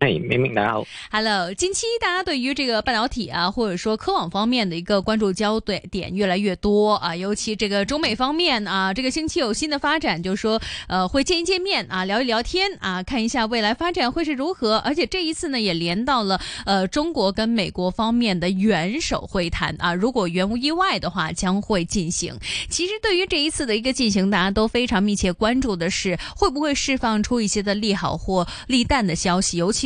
哎，明明你好，Hello！近期大家對於這個半導體啊，或者說科網方面的一個關注焦點點越來越多啊，尤其這個中美方面啊，這個星期有新的發展就，就說呃會見一見面啊，聊一聊天啊，看一下未來發展會是如何。而且這一次呢，也連到了呃中國跟美國方面的元首會談啊，如果原無意外的話，將會進行。其實對於這一次的一個進行，大家都非常密切關注的是會不會釋放出一些的利好或利淡的消息，尤其。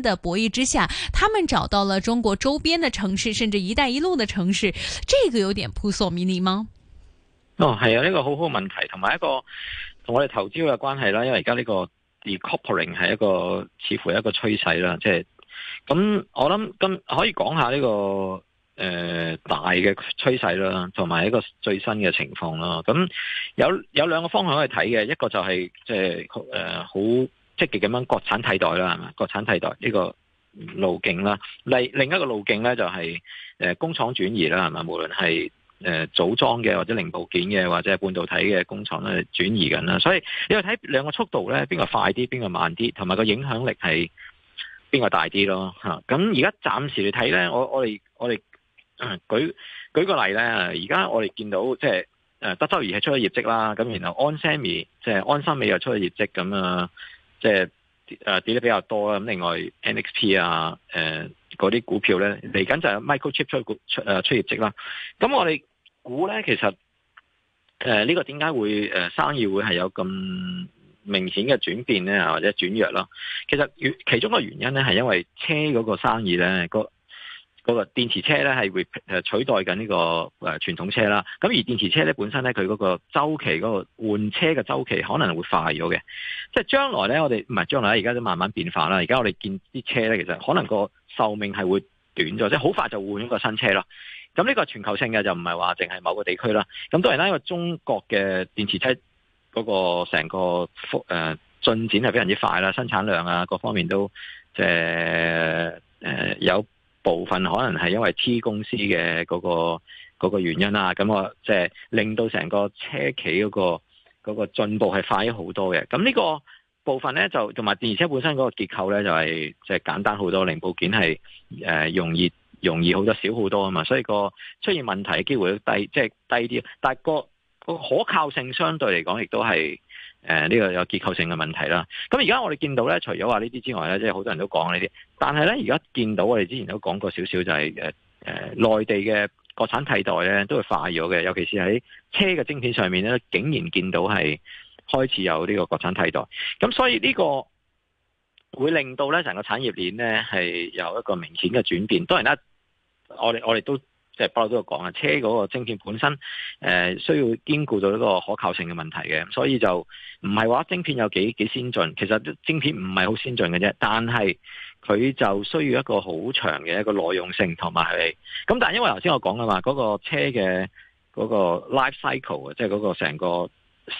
嘅博弈之下，他們找到了中國周邊的城市，甚至“一帶一路”的城市，這個有點撲朔迷離嗎？哦，係啊，呢個好好問題，同埋一個同我哋投資嘅關係啦。因為而家呢個 decoupling 係一個似乎一個趨勢啦，即係咁，我諗咁、嗯、可以講下呢個誒、呃、大嘅趨勢啦，同埋一個最新嘅情況啦。咁、嗯、有有兩個方向可以睇嘅，一個就係即係誒好。呃積極咁樣國產替代啦，係嘛？國產替代呢個路徑啦，另另一個路徑咧就係誒工廠轉移啦，係嘛？無論係誒組裝嘅或者零部件嘅或者半導體嘅工廠咧轉移緊啦，所以你要睇兩個速度咧，邊個快啲，邊個慢啲，同埋個影響力係邊個大啲咯吓？咁而家暫時嚟睇咧，我我哋我哋、呃、舉舉個例咧，而家我哋見到即係誒德州儀係出咗業績啦，咁然後安森美即係、就是、安森美又出咗業績咁啊。即係誒跌得比較多、啊呃、啦，咁另外 NXP 啊，誒嗰啲股票咧嚟緊就有 Microchip 出出誒出業績啦。咁我哋估咧，其實誒呢、呃這個點解會誒、呃、生意會係有咁明顯嘅轉變咧，或者轉弱啦。其實其中個原因咧，係因為車嗰個生意咧個。嗰個電池車咧係取代緊呢、呢個誒傳、呃、統車啦。咁而電池車咧，本身咧佢嗰個週期嗰、嗰個換車嘅週期可能會快咗嘅。即係將來咧，我哋唔係將來咧，而家都慢慢變化啦。而家我哋見啲車咧，其實可能個壽命係會短咗，即好快就換一個新車啦。咁呢個全球性嘅，就唔係話淨係某個地區啦。咁當然啦，因為中國嘅電池車嗰個成個誒進、呃、展係非常之快啦，生產量啊各方面都即係、呃呃、有。部分可能係因為 T 公司嘅嗰個嗰個原因啦，咁啊，即係令到成個車企嗰個嗰個進步係快咗好多嘅。咁呢個部分呢就同埋，電車本身嗰個結構呢就係即係簡單好多，零部件係誒容易容易好多少好多啊嘛，所以個出現問題嘅機會低，即係低啲。但係個個可靠性相對嚟講亦都係。誒，呢個有結構性嘅問題啦。咁而家我哋見到咧，除咗話呢啲之外咧，即係好多人都講呢啲。但係咧，而家見到我哋之前都講過少少，就是，就係誒誒，內地嘅國產替代咧，都會快咗嘅。尤其是喺車嘅晶片上面咧，竟然見到係開始有呢個國產替代。咁所以呢個會令到咧成個產業鏈咧係有一個明顯嘅轉變。當然啦，我哋我哋都。即係不嬲都有講啊，車嗰個晶片本身，呃、需要兼顧到一個可靠性嘅問題嘅，所以就唔係話晶片有幾幾先進，其實晶片唔係好先進嘅啫，但係佢就需要一個好長嘅一個耐用性同埋係，咁但係因為頭先我講嘅話，嗰、嗰個車嘅嗰個 life cycle 啊，即係嗰個成個。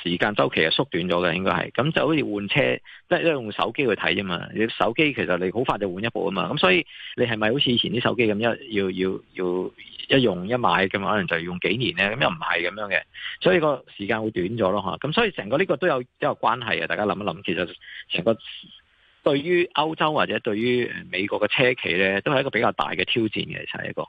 時間週期係縮短咗嘅，應該係咁，就好似換車，即係都係用手機去睇啫嘛。你手機其實你好快就換一部啊嘛，咁所以你係咪好似以前啲手機咁樣要要要一用一買咁，可能就用幾年咧？咁又唔係咁樣嘅，所以個時間會短咗咯吓。咁所以成個呢個都有都有關係啊，大家諗一諗，其實成個。對於歐洲或者對於誒美國嘅車企咧，都係一個比較大嘅挑戰嘅，其實係一個。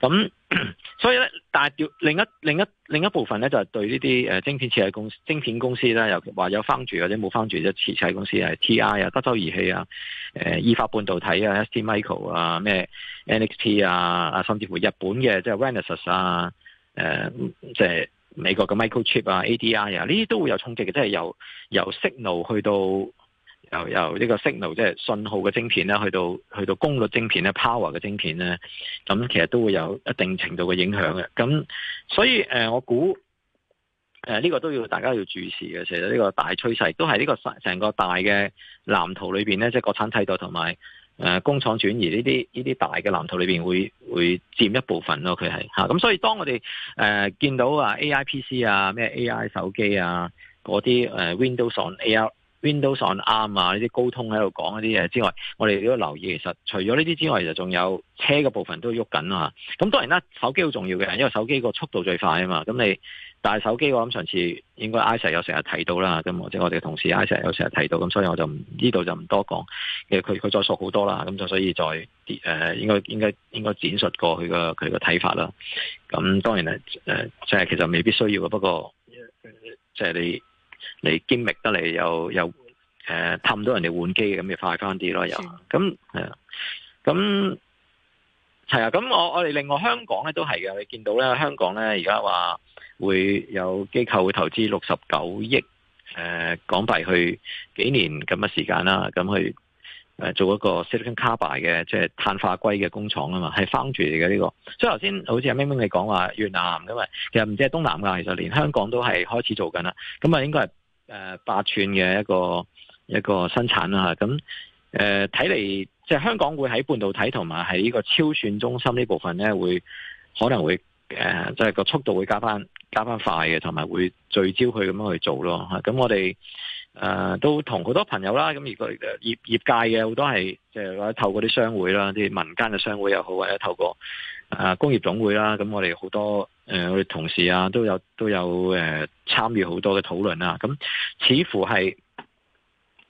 咁、嗯、所以咧，但係要另一另一另一部分咧，就係、是、對呢啲誒晶片設計公司、晶片公司咧，尤其話有 foundry 或者冇 foundry 即設計公司，係、就是、T I 啊、德州儀器啊、誒意法半導體啊、ST Micro 啊、咩 NXT 啊、啊甚至乎日本嘅即係 Renesas 啊、誒即係美國嘅 Microchip 啊、ADI 啊，呢啲都會有衝擊嘅，即係由由 signal 去到。由由呢個 signal 即係信號嘅晶片啦，去到去到功率晶片咧、power 嘅晶片咧，咁其實都會有一定程度嘅影響嘅。咁所以誒、呃，我估誒呢個都要大家要注視嘅，其實呢個大趨勢都係呢、這個成個大嘅藍圖裏邊咧，即、就、係、是、國產替代同埋誒工廠轉移呢啲呢啲大嘅藍圖裏邊會會佔一部分咯。佢係嚇咁，所以當我哋誒、呃、見到啊 A I P C 啊、咩 A I 手機啊嗰啲誒 Windows On A I。Windows on 啊，呢啲高通喺度講一啲嘢之外，我哋都留意，其實除咗呢啲之外，就仲有車嘅部分都喐緊啊。咁當然啦，手機好重要嘅，因為手機個速度最快啊嘛。咁你但係手機，我諗上次應該 Iset 有成日提到啦，咁或者我哋同事 Iset 有成日提到，咁所以我就呢度就唔多講。其實佢佢再熟好多啦，咁就所以再啲誒、呃，應該應該應該展述過去佢個睇法啦。咁當然誒即係其實未必需要嘅，不過即係、呃就是、你。嚟經歷得嚟又又誒氹、呃、到人哋換機嘅咁，咪快翻啲咯，又咁係啊咁係啊咁，的嗯嗯嗯、我我哋另外香港咧都係嘅，你見到咧香港咧而家話會有機構會投資六十九億誒、呃、港幣去幾年咁嘅時間啦，咁去誒、呃、做一個 silicon carbide 嘅即係碳化硅嘅工廠啊嘛，係封住嚟嘅呢個。所以頭先好似阿 Ming Ming 你講話越南咁啊，其實唔止係東南亞，其實連香港都係開始做緊啦。咁啊應該係。誒、呃，八寸嘅一個一個生產啦吓，咁誒睇嚟，即係香港會喺半導體同埋喺呢個超算中心呢部分咧，會可能會誒即係個速度會加翻加翻快嘅，同埋會聚焦佢咁樣去做咯吓。咁、啊啊、我哋誒、呃、都同好多朋友啦，咁如果業業，業界嘅好多係即係透過啲商會啦，即係民間嘅商會又好，或者透過。啊！工業總會啦，咁我哋好多誒、呃，我哋同事啊，都有都有誒參與好多嘅討論啦。咁似乎係誒、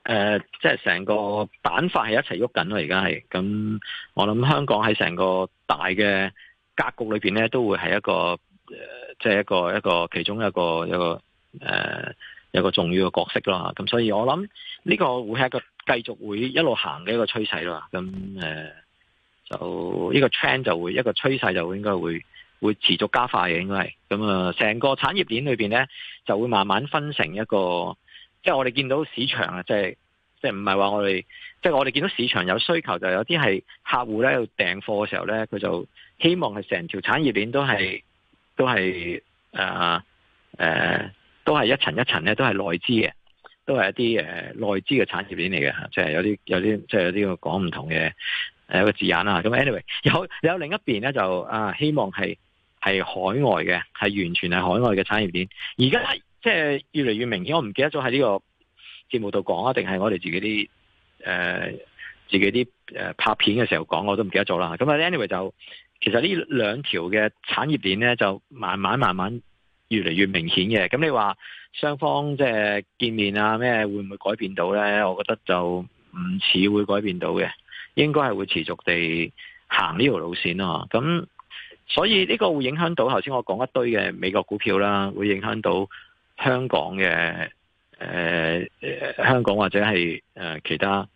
呃，即係成個板塊係一齊喐緊咯。而家係咁，我諗香港喺成個大嘅格局裏邊咧，都會係一個誒，即、呃、係、就是、一個一個其中一個一個誒、呃，一個重要嘅角色啦。咁所以我諗呢個會係一個繼續會一路行嘅一個趨勢啦。咁誒。呃就呢個 trend 就會一個趨勢就應該會會持續加快嘅，應該係咁啊！成個產業鏈裏邊呢就會慢慢分成一個，即係我哋見到市場啊，即係即係唔係話我哋，即係我哋見到市場有需求，就有啲係客戶咧，要訂貨嘅時候呢佢就希望係成條產業鏈都係都係誒誒，都係、呃呃、一層一層咧，都係內資嘅，都係一啲誒、呃、內資嘅產業鏈嚟嘅，即係有啲有啲即係有啲個講唔同嘅。誒，有個字眼啦，咁 anyway 有有另一邊咧就啊，希望係係海外嘅，係完全係海外嘅產業鏈。而家即係越嚟越明顯，我唔記得咗喺呢個節目度講啊，定係我哋自己啲誒、呃、自己啲誒拍片嘅時候講，我都唔記得咗啦。咁啊，anyway 就其實呢兩條嘅產業鏈咧，就慢慢慢慢越嚟越明顯嘅。咁你話雙方即係、就是、見面啊咩，會唔會改變到咧？我覺得就唔似會改變到嘅。應該係會持續地行呢條路線啊。咁所以呢個會影響到頭先我講一堆嘅美國股票啦，會影響到香港嘅誒、呃、香港或者係誒、呃、其他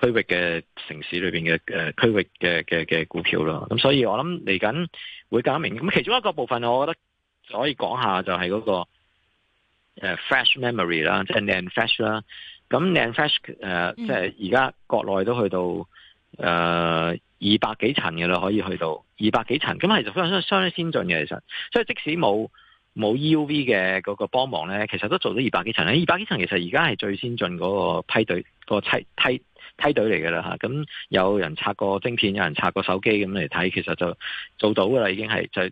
區域嘅城市裏邊嘅誒區域嘅嘅嘅股票咯。咁所以我諗嚟緊會加明咁，其中一個部分，我覺得可以講下就係嗰、那個誒、呃、Flash Memory 啦，即係 NAND Flash 啦。咁 NAND Flash 誒、呃，嗯、即係而家國內都去到。誒、呃，二百幾層嘅啦，可以去到二百幾層，咁係就非常相相先進嘅。其實，所以即使冇冇 EUV 嘅嗰個幫忙呢，其實都做到二百幾層。二百幾層，其實而家係最先進嗰個批隊、嗰個梯梯梯隊嚟噶啦吓。咁有人拆個晶片，有人拆個手機咁嚟睇，其實就做到噶啦，已經係就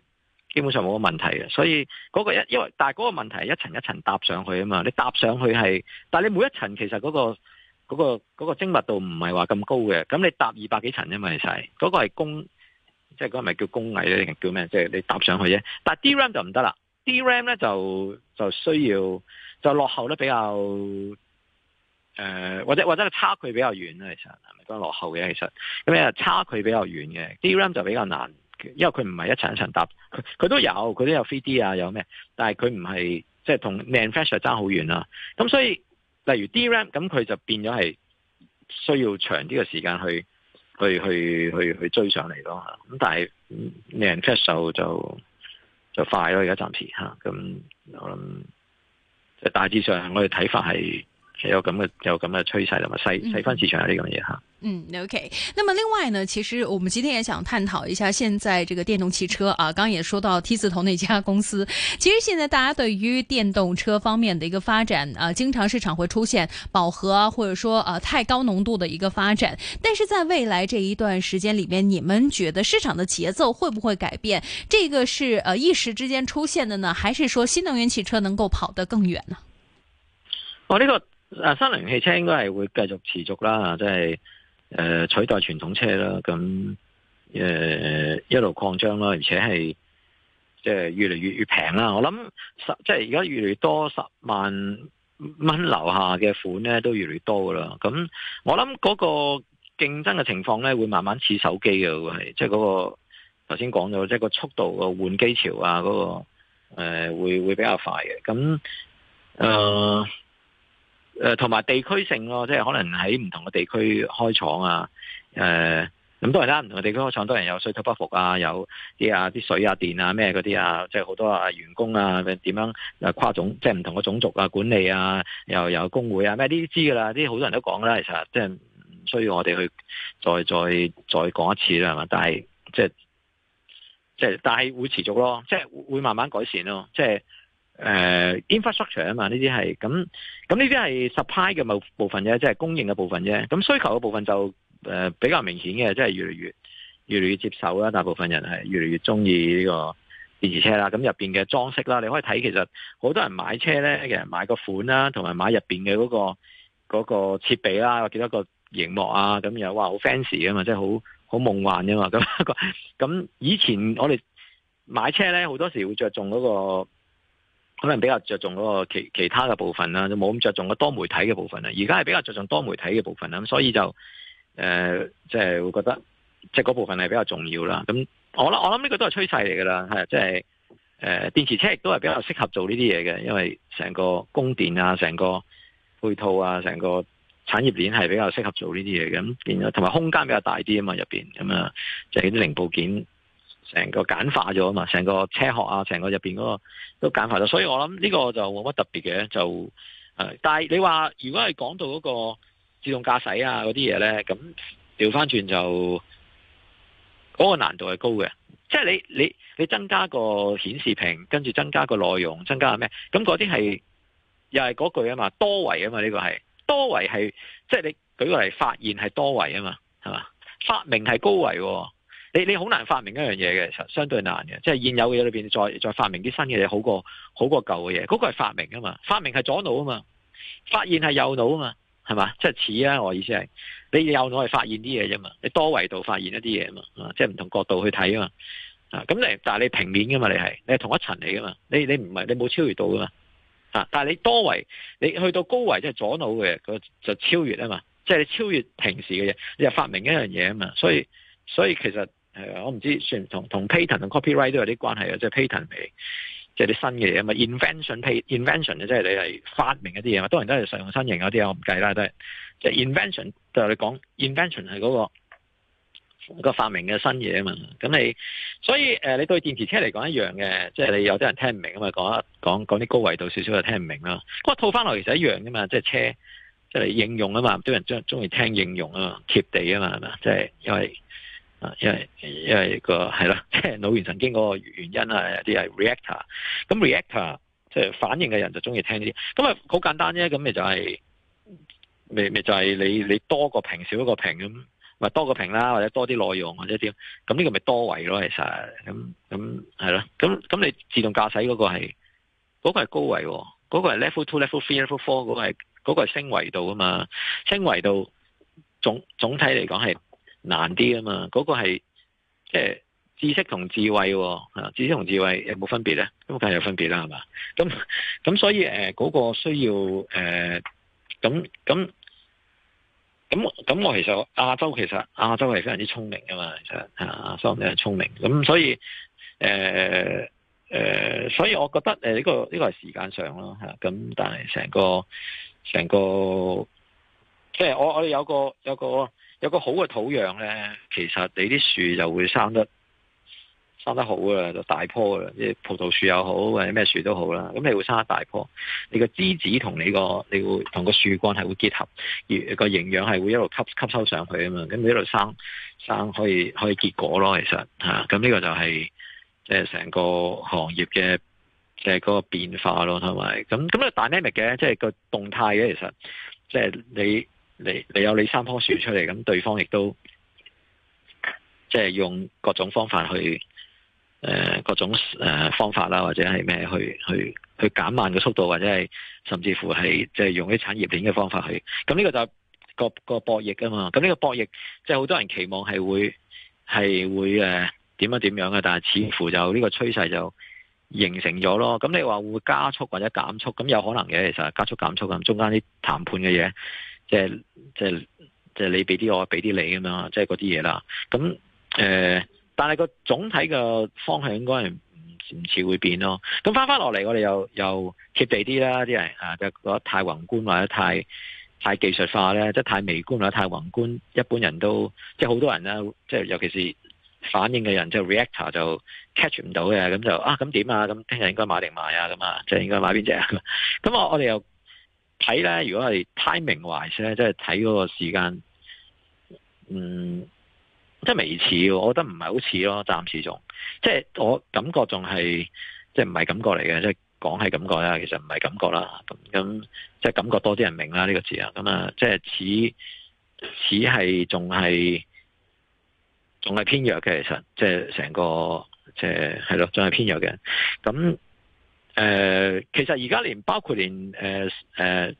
基本上冇乜問題嘅。所以嗰、嗰個一因為，但係嗰個問題係一層一層搭上去啊嘛。你搭上去係，但係你每一層其實嗰、嗰個。嗰、那個嗰、那個精密度唔係話咁高嘅，咁你搭二百幾層啫嘛，係、那、嗰個係工，即係嗰個咪叫工藝咧，定叫咩？即、就、係、是、你搭上去啫。但係 DRAM 就唔得啦，DRAM 咧就就需要就落後得比較誒、呃，或者或者差距比較遠啦，其實係咪都係落後嘅？其實咁就、那個、差距比較遠嘅 DRAM 就比較難，因為佢唔係一層一層搭，佢佢都有佢都有 3D 啊，有咩？但係佢唔係即係同 nanosheet 爭好遠啦，咁所以。例如 DRAM 咁，佢就變咗係需要長啲嘅時間去去去去去追上嚟咯。咁但係，NAND flash 就就快咯。而家暫時吓，咁我諗，就大致上我哋睇法係係有咁嘅有咁嘅趨勢啦。同埋細分市場有啲咁嘅嘢吓。嗯，OK。那麼另外呢，其實我們今天也想探討一下現在這個電動汽車啊，剛，剛也說到 T 字頭那家公司。其實現在大家對於電動車方面的一個發展啊，經常市場會出現飽和、啊，或者說呃、啊、太高濃度的一個發展。但是在未來這一段時間裏面，你們覺得市場的節奏會不會改變？這個是呃、啊、一時之間出現的呢，還是說新能源汽車能夠跑得更遠呢？我、哦、呢個呃新能源汽車應該係會繼續持續啦，即係。誒，取代傳統車啦，咁誒、呃、一路擴張啦，而且係即係越嚟越越平啦。我諗十即係而家越嚟越多十萬蚊樓下嘅款咧，都越嚟越多噶啦。咁我諗嗰個競爭嘅情況咧，會慢慢似手機嘅，係即係嗰個頭先講咗，即係、就是、個速度個換機潮啊、那個，嗰個誒會會比較快嘅。咁誒。呃誒，同埋、呃、地區性咯，即係可能喺唔同嘅地區開廠啊。誒、呃，咁當然啦，唔同嘅地區開廠，當然有水土不服啊，有啲啊，啲水啊、電啊咩嗰啲啊，即係好多啊員工啊，點樣誒跨種，即係唔同嘅種族啊管理啊，又有工會啊咩呢啲知噶啦，啲好多人都講啦，其實即係唔需要我哋去再再再講一次啦，係嘛？但係即係即係，但係會持續咯，即係會慢慢改善咯，即係。誒、uh, infrastructure 啊嘛，呢啲係咁咁呢啲係 supply 嘅某部分啫，即係供應嘅部分啫。咁需求嘅部分就誒比較明顯嘅，即係越嚟越越嚟越接受啦。大部分人係越嚟越中意呢個電池車啦。咁入面嘅裝飾啦，你可以睇其實好多人買車咧，其實買個款啦，同埋買入面嘅嗰個嗰個設備啦，幾多個熒幕啊，咁又哇好 fancy 嘅嘛，即係好好夢幻嘅嘛。咁咁以前我哋買車咧，好多時會着重嗰個。可能比較着重嗰個其其他嘅部分啦，就冇咁着重個多媒體嘅部分啦。而家係比較着重多媒體嘅部分啦，咁所以就誒，即、呃、係、就是、會覺得即係嗰部分係比較重要啦。咁我諗我諗呢個都係趨勢嚟噶啦，係即係誒電池車亦都係比較適合做呢啲嘢嘅，因為成個供電啊、成個配套啊、成個產業鏈係比較適合做呢啲嘢嘅，變咗同埋空間比較大啲啊嘛，入面咁啊，就啲零部件。成個簡化咗啊嘛，成個車殼啊，成個入邊嗰個都簡化咗，所以我諗呢個就冇乜特別嘅，就誒、呃。但係你話如果係講到嗰個自動駕駛啊嗰啲嘢呢，咁調翻轉就嗰個難度係高嘅，即係你你你增加個顯示屏，跟住增加個內容，增加咩？咁嗰啲係又係嗰句啊嘛，多維啊嘛，呢個係多維係，即係你舉個例發現係多維啊嘛，係嘛？發明係高維喎。你你好難發明一樣嘢嘅，其實相對難嘅，即係現有嘅嘢裏邊再再發明啲新嘅嘢，好過好過舊嘅嘢。嗰個係發明噶嘛，發明係左腦啊嘛，發現係右腦啊嘛，係嘛？即係似啊，我意思係你右腦係發現啲嘢啫嘛，你多維度發現一啲嘢嘛，啊、即係唔同角度去睇啊嘛，啊咁你但係你平面噶嘛，你係你係同一層嚟噶嘛，你你唔係你冇超越到噶嘛，啊，但係你多維你去到高維即係左腦嘅，佢就超越啊嘛，即係你超越平時嘅嘢，你又發明一樣嘢啊嘛，所以所以其實。係啊、嗯，我唔知算唔同同 patent 同 copyright 都有啲關係啊，即、就、係、是、patent 嚟，即係啲新嘅嘢啊嘛，invention invention 啊，即係你係發明一啲嘢嘛。當然都係實用新型嗰啲啊，我唔計啦，都係即係 invention 就係、是、in 你講 invention 係嗰、那個、那個發明嘅新嘢啊嘛，咁你所以誒、呃，你對電池車嚟講一樣嘅，即、就、係、是、你有啲人聽唔明啊嘛，講講講啲高維度少少就聽唔明啦。不過套翻落嚟其實一樣啫嘛，即、就、係、是、車即係、就是、應用啊嘛，多人中中意聽應用啊嘛，貼地啊嘛，即、就、係、是、因為因為因為、個係啦，即係腦元神經嗰個原因啦，有啲係 reactor，咁 reactor 即係反應嘅人就中意聽啲，咁啊好簡單啫，咁咪就係咪咪就係你你多個屏少一個屏咁，咪多個屏啦，或者多啲內容或者點，咁呢個咪多維咯，其實咁咁係咯，咁咁你自動駕駛嗰個係嗰、嗰個係高維，嗰個係 level two level three、level four 嗰個係、嗰個係升維度啊嘛，升維度總總體嚟講係。難啲啊嘛，嗰、那個係即係知識同智慧，啊、呃，知識同智、哦、智慧有冇分別咧？咁梗係有分別啦，係嘛？咁咁所以誒，嗰、呃那個需要誒，咁咁咁咁，我其實亞洲其實亞洲係非常之聰明嘅嘛，其實吓、啊，所以係聰明。咁所以誒誒、呃呃，所以我覺得誒呢個呢個係時間上咯吓，咁但係成個成個。這個即係我我哋有個有個有個好嘅土壤咧，其實你啲樹就會生得生得好噶啦，就大棵噶啦。即係葡萄樹又好，或者咩樹都好啦，咁你會生得大棵。你個枝子同你個你會同個樹幹係會結合，而個營養係會一路吸吸收上去啊嘛。咁你一路生生可以可以結果咯。其實吓咁呢個就係即係成個行業嘅即係嗰個變化咯，同埋咁咁啊 dynamic 嘅，即係、就是、個動態嘅，其實即係你。你你有你三棵樹出嚟，咁對方亦都即係、就是、用各種方法去誒、呃、各種誒、呃、方法啦，或者係咩去去去減慢個速度，或者係甚至乎係即係用啲產業鏈嘅方法去。咁呢個就係個個博弈啊嘛。咁呢個博弈即係好多人期望係會係會誒點樣點樣嘅，但係似乎就呢個趨勢就形成咗咯。咁你話會加速或者減速，咁有可能嘅，其實加速減速咁中間啲談判嘅嘢。即係即係即係你俾啲我，俾啲你咁樣，即係嗰啲嘢啦。咁誒、呃，但係個總體嘅方向應該係唔似會變咯。咁翻翻落嚟，我哋又又貼地啲啦，啲人啊，就覺得太宏觀或者太太技術化咧，即係太微觀或者太宏觀，一般人都即係好多人啦即係尤其是反應嘅人，即係 reactor 就 catch 唔到嘅。咁就啊，咁點啊？咁聽日應該買定賣啊？咁啊，即係應該買邊隻啊？咁我我哋又。睇咧，如果係 timing wise 咧，即係睇嗰個時間，嗯，即係未似，我覺得唔係好似咯，暫時仲，即係我感覺仲係，即係唔係感覺嚟嘅，即係講係感覺啦，其實唔係感覺啦，咁咁即係感覺多啲人明啦呢、這個字啊，咁啊，即係似似係仲係仲係偏弱嘅，其實即係成個即係係咯，仲係偏弱嘅，咁。誒、呃，其實而家連包括連誒誒、呃呃，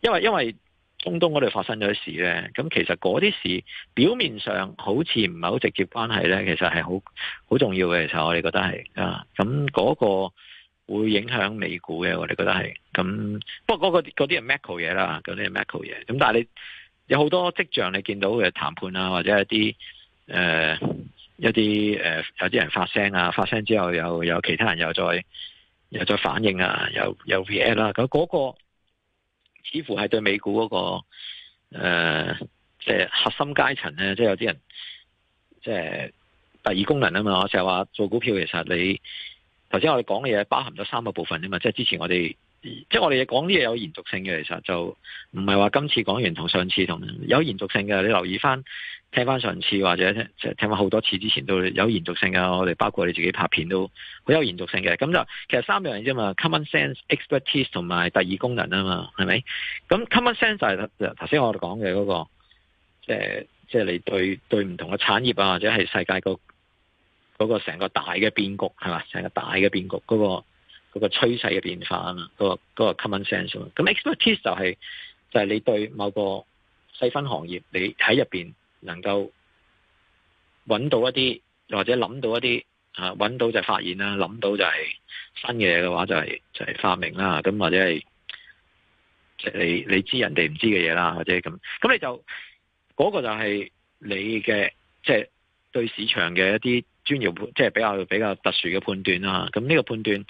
因為因為中東嗰度發生咗啲事咧，咁其實嗰啲事表面上好似唔係好直接關係咧，其實係好好重要嘅。其實我哋覺得係啊，咁、那、嗰個會影響美股嘅，我哋覺得係。咁不過嗰個嗰啲係 macro 嘢啦，嗰啲係 macro 嘢。咁但係你有好多跡象，你見到嘅談判啊，或者一啲誒、呃、一啲誒、呃、有啲人發聲啊，發聲之後又有，有其他人又再。又再反映啊，又又撇啦，咁、那、嗰、個、似乎係對美股嗰誒即係核心階層咧，即、就、係、是、有啲人即係、就是、第二功能啊嘛，我成日話做股票其實你頭先我哋講嘅嘢包含咗三個部分啫嘛，即係之前我哋。即係我哋講啲嘢有延續性嘅，其實就唔係話今次講完同上次同有延續性嘅。你留意翻，聽翻上次或者聽，聽翻好多次之前都有延續性嘅。我哋包括你自己拍片都好有延續性嘅。咁就其實三樣啫嘛，common sense、expertise 同埋第二功能啊嘛，係咪？咁 common sense 就係頭先我哋講嘅嗰個，即係即係你對對唔同嘅產業啊，或者係世界個嗰個成個大嘅變局係嘛，成個大嘅變局嗰個。嗰個趨勢嘅變化啊，嗰個嗰個 common sense 啊，咁 expertise 就係就係你對某個細分行業，你喺入邊能夠揾到一啲，或者諗到一啲啊揾到就係發現啦，諗到就係新嘅嘢嘅話就係就係發明啦，咁或者係即係你你知人哋唔知嘅嘢啦，或者咁，咁你就嗰個就係你嘅即係對市場嘅一啲專業，即係比較比較特殊嘅判斷啦。咁呢個判斷。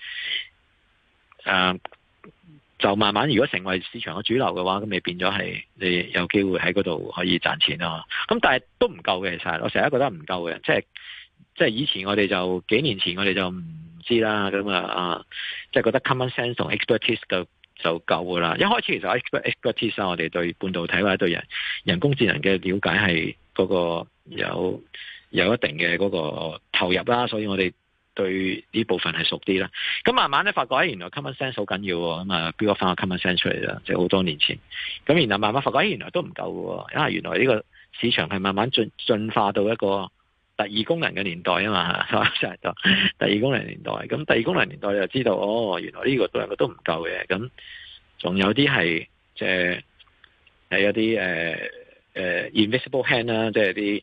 誒，uh, 就慢慢如果成為市場嘅主流嘅話，咁咪變咗係你有機會喺嗰度可以賺錢咯。咁、嗯、但係都唔夠嘅，其實我成日覺得唔夠嘅，即係即係以前我哋就幾年前我哋就唔知啦咁、嗯、啊，即係覺得 common sense 同 expertise 就就夠噶啦。一開始其實 expertise、啊、我哋對半導體或、啊、者對人人工智能嘅了解係嗰個有有一定嘅嗰個投入啦、啊，所以我哋。對呢部分係熟啲啦，咁慢慢咧發覺，原來 common sense 好緊要喎，咁啊邊個發個 common sense 出嚟啦？即係好多年前，咁然後慢慢發覺，咦，原來都唔夠嘅，因為原來呢個市場係慢慢進進化到一個第二功能嘅年代啊嘛，係嘛？就第二功能年代，咁第二功能年代就知道，哦，原來呢個兩個都唔夠嘅，咁仲有啲係、呃、即係係一啲誒誒 invisible hand 啦，即係啲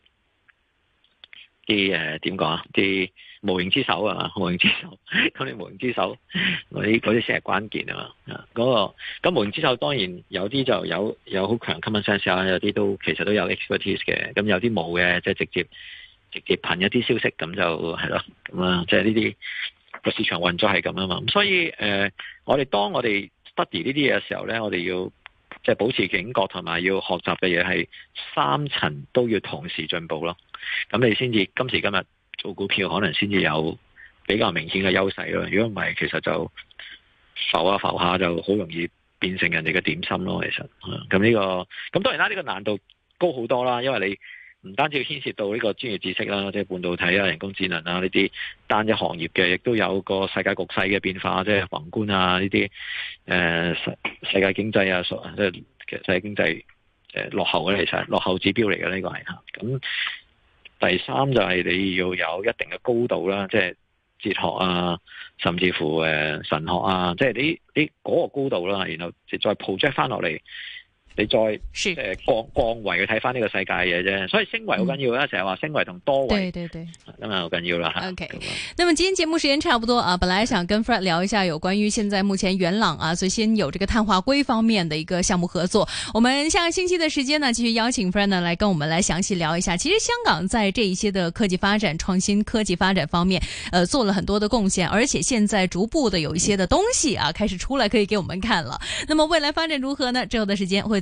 啲誒點講啊啲。無形之手啊！無形之手，咁你無形之手，嗰啲嗰啲先係關鍵啊嘛！嗰、嗰個咁無形之手當然有啲就有有好強 common sense 啊，有啲都其實都有 expertise 嘅，咁有啲冇嘅，即係直接直接憑一啲消息咁就係咯，咁啊，即係呢啲個市場運作係咁啊嘛。咁所以誒、呃，我哋當我哋 study 呢啲嘢嘅時候咧，我哋要即係保持警覺同埋要學習嘅嘢係三層都要同時進步咯。咁你先至今時今日，做股票可能先至有比較明顯嘅優勢咯，如果唔係，其實就浮下、啊、浮下、啊、就好容易變成人哋嘅點心咯。其實，咁呢個咁當然啦，呢、呢個難度高好多啦，因為你唔單止要牽涉到呢個專業知識啦，即係半導體啊、人工智能啊呢啲單一行業嘅，亦都有個世界局勢嘅變化，即係宏觀啊呢啲誒世界經濟啊，即、就、係、是、世界經濟誒落後嘅，其實落後指標嚟嘅，呢個係吓咁。嗯嗯第三就係你要有一定嘅高度啦，即係哲學啊，甚至乎誒神學啊，即係呢呢嗰個高度啦、啊，然後再 project 翻落嚟。你再即係是、呃、降降維去睇翻呢個世界嘅啫，所以升維好緊要啦，成日話升維同多維，對對對，咁啊好緊要啦 OK，嗯、那麼今天節目時間差不多啊，本來想跟 Fred 聊一下有關於現在目前元朗啊最先有這個碳化硅方面的一個項目合作，我們下個星期的時間呢繼續邀請 Fred 呢來跟我們來詳細聊一下。其實香港在這一些的科技發展、創新科技發展方面，呃做了很多的貢獻，而且現在逐步的有一些的東西啊開始出來可以給我們看了。嗯、那麼未來發展如何呢？之後的時間會。